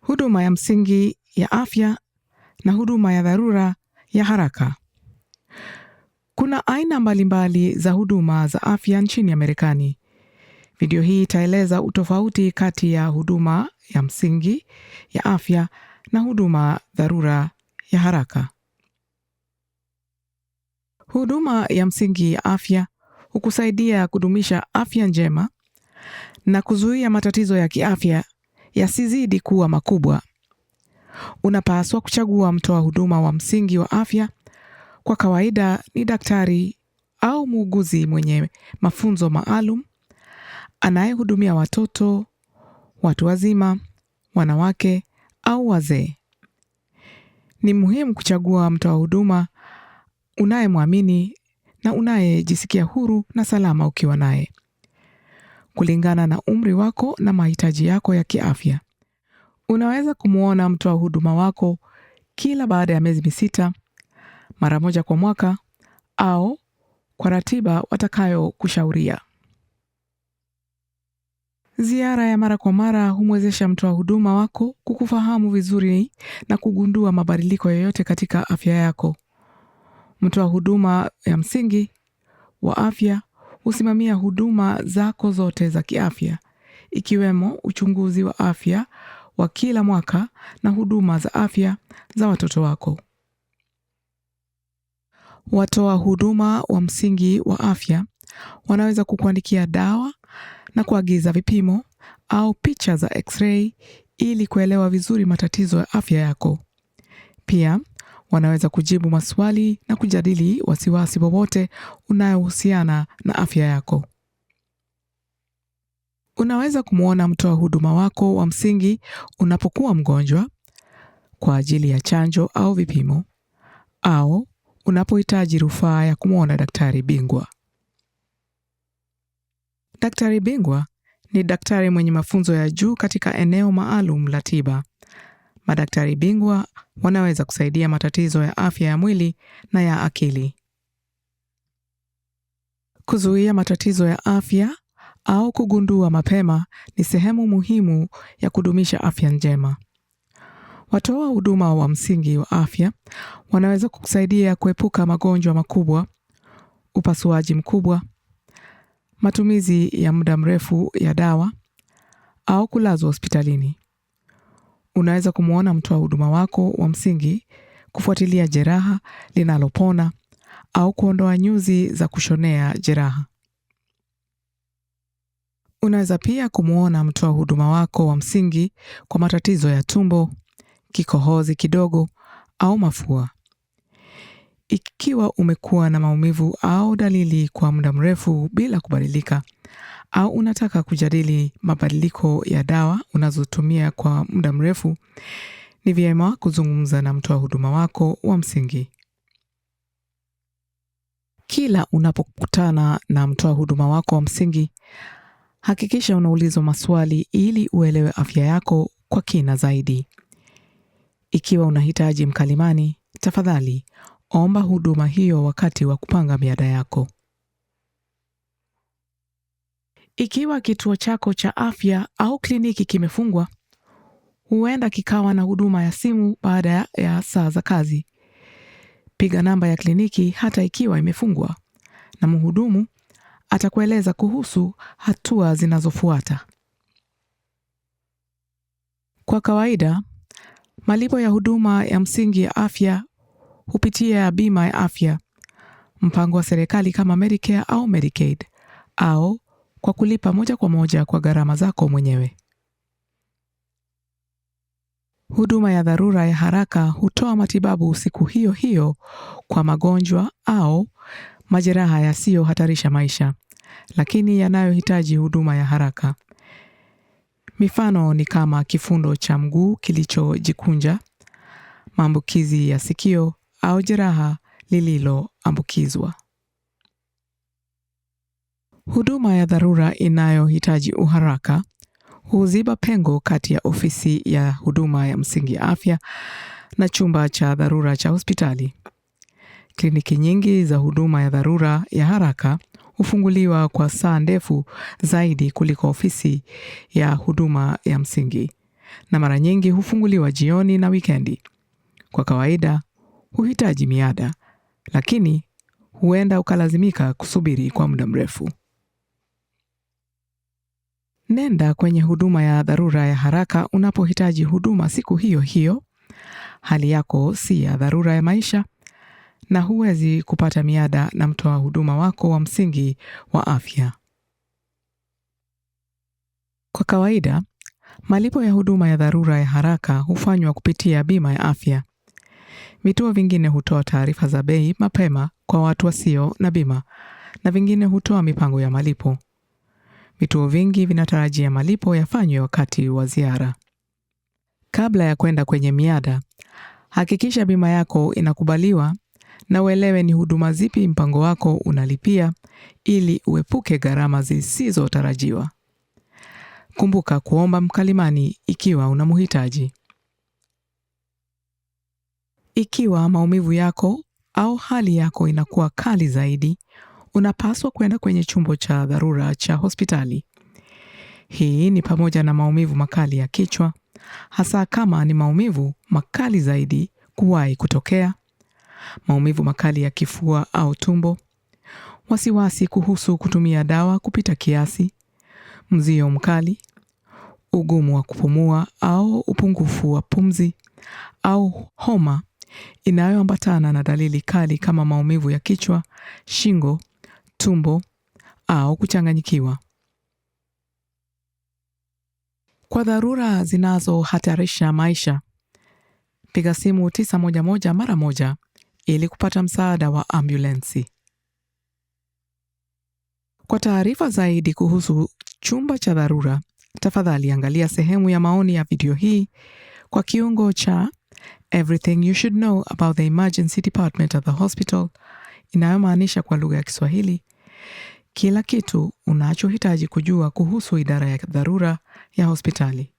huduma ya msingi ya afya na huduma ya dharura ya haraka. Kuna aina mbalimbali za huduma za afya nchini Marekani. Video hii itaeleza utofauti kati ya huduma ya msingi ya afya na huduma dharura ya haraka. Huduma ya msingi ya afya hukusaidia kudumisha afya njema na kuzuia matatizo ya kiafya yasizidi kuwa makubwa. Unapaswa kuchagua mtoa huduma wa msingi wa afya, kwa kawaida ni daktari au muuguzi mwenye mafunzo maalum anayehudumia watoto, watu wazima, wanawake au wazee. Ni muhimu kuchagua mtoa huduma unayemwamini na unayejisikia huru na salama ukiwa naye kulingana na umri wako na mahitaji yako ya kiafya. Unaweza kumwona mtoa huduma wako kila baada ya miezi misita, mara moja kwa mwaka, au kwa ratiba watakayokushauria. Ziara ya mara kwa mara humwezesha mtoa huduma wako kukufahamu vizuri na kugundua mabadiliko yoyote katika afya yako. Mtoa huduma ya msingi wa afya husimamia huduma zako zote za kiafya ikiwemo uchunguzi wa afya wa kila mwaka na huduma za afya za watoto wako. Watoa huduma wa msingi wa afya wanaweza kukuandikia dawa na kuagiza vipimo au picha za x-ray ili kuelewa vizuri matatizo ya afya yako. Pia Wanaweza kujibu maswali na kujadili wasiwasi wowote unayohusiana na afya yako. Unaweza kumwona mtoa huduma wako wa msingi unapokuwa mgonjwa kwa ajili ya chanjo au vipimo, au unapohitaji rufaa ya kumwona daktari bingwa. Daktari bingwa ni daktari mwenye mafunzo ya juu katika eneo maalum la tiba Madaktari bingwa wanaweza kusaidia matatizo ya afya ya mwili na ya akili. Kuzuia matatizo ya afya au kugundua mapema ni sehemu muhimu ya kudumisha afya njema. Watoa huduma wa msingi wa afya wanaweza kukusaidia kuepuka magonjwa makubwa, upasuaji mkubwa, matumizi ya muda mrefu ya dawa au kulazwa hospitalini. Unaweza kumwona mtoa huduma wako wa msingi, kufuatilia jeraha linalopona au kuondoa nyuzi za kushonea jeraha. Unaweza pia kumwona mtoa huduma wako wa msingi kwa matatizo ya tumbo, kikohozi kidogo au mafua. Ikiwa umekuwa na maumivu au dalili kwa muda mrefu bila kubadilika, au unataka kujadili mabadiliko ya dawa unazotumia kwa muda mrefu, ni vyema kuzungumza na mtoa huduma wako wa msingi. Kila unapokutana na mtoa huduma wako wa msingi, hakikisha unaulizwa maswali ili uelewe afya yako kwa kina zaidi. Ikiwa unahitaji mkalimani, tafadhali omba huduma hiyo wakati wa kupanga miada yako. Ikiwa kituo chako cha afya au kliniki kimefungwa, huenda kikawa na huduma ya simu baada ya saa za kazi. Piga namba ya kliniki hata ikiwa imefungwa, na mhudumu atakueleza kuhusu hatua zinazofuata. Kwa kawaida, malipo ya huduma ya msingi ya afya hupitia bima ya afya, mpango wa serikali kama Medicare au Medicaid, au kwa kulipa moja kwa moja kwa gharama zako mwenyewe. Huduma ya dharura ya haraka hutoa matibabu siku hiyo hiyo kwa magonjwa au majeraha yasiyohatarisha maisha, lakini yanayohitaji huduma ya haraka. Mifano ni kama kifundo cha mguu kilichojikunja, maambukizi ya sikio au jeraha lililoambukizwa. Huduma ya dharura inayohitaji uharaka huziba pengo kati ya ofisi ya huduma ya msingi ya afya na chumba cha dharura cha hospitali. Kliniki nyingi za huduma ya dharura ya haraka hufunguliwa kwa saa ndefu zaidi kuliko ofisi ya huduma ya msingi, na mara nyingi hufunguliwa jioni na wikendi. Kwa kawaida huhitaji miada lakini huenda ukalazimika kusubiri kwa muda mrefu. Nenda kwenye huduma ya dharura ya haraka unapohitaji huduma siku hiyo hiyo. Hali yako si ya dharura ya maisha na huwezi kupata miada na mtoa huduma wako wa msingi wa afya. Kwa kawaida, malipo ya huduma ya dharura ya haraka hufanywa kupitia bima ya afya. Vituo vingine hutoa taarifa za bei mapema kwa watu wasio na bima na vingine hutoa mipango ya malipo. Vituo vingi vinatarajia malipo yafanywe wakati wa ziara. Kabla ya kwenda kwenye miada hakikisha bima yako inakubaliwa na uelewe ni huduma zipi mpango wako unalipia ili uepuke gharama zisizotarajiwa. Kumbuka kuomba mkalimani ikiwa unamhitaji. Ikiwa maumivu yako au hali yako inakuwa kali zaidi, unapaswa kwenda kwenye chumbo cha dharura cha hospitali. Hii ni pamoja na maumivu makali ya kichwa, hasa kama ni maumivu makali zaidi kuwahi kutokea, maumivu makali ya kifua au tumbo, wasiwasi kuhusu kutumia dawa kupita kiasi, mzio mkali, ugumu wa kupumua au upungufu wa pumzi, au homa inayoambatana na dalili kali kama maumivu ya kichwa, shingo tumbo au kuchanganyikiwa. Kwa dharura zinazohatarisha maisha, piga simu 911 mara moja ili kupata msaada wa ambulensi. Kwa taarifa zaidi kuhusu chumba cha dharura, tafadhali angalia sehemu ya maoni ya video hii kwa kiungo cha Everything you should know about the emergency department at the hospital, inayomaanisha kwa lugha ya Kiswahili kila kitu unachohitaji kujua kuhusu idara ya dharura ya hospitali.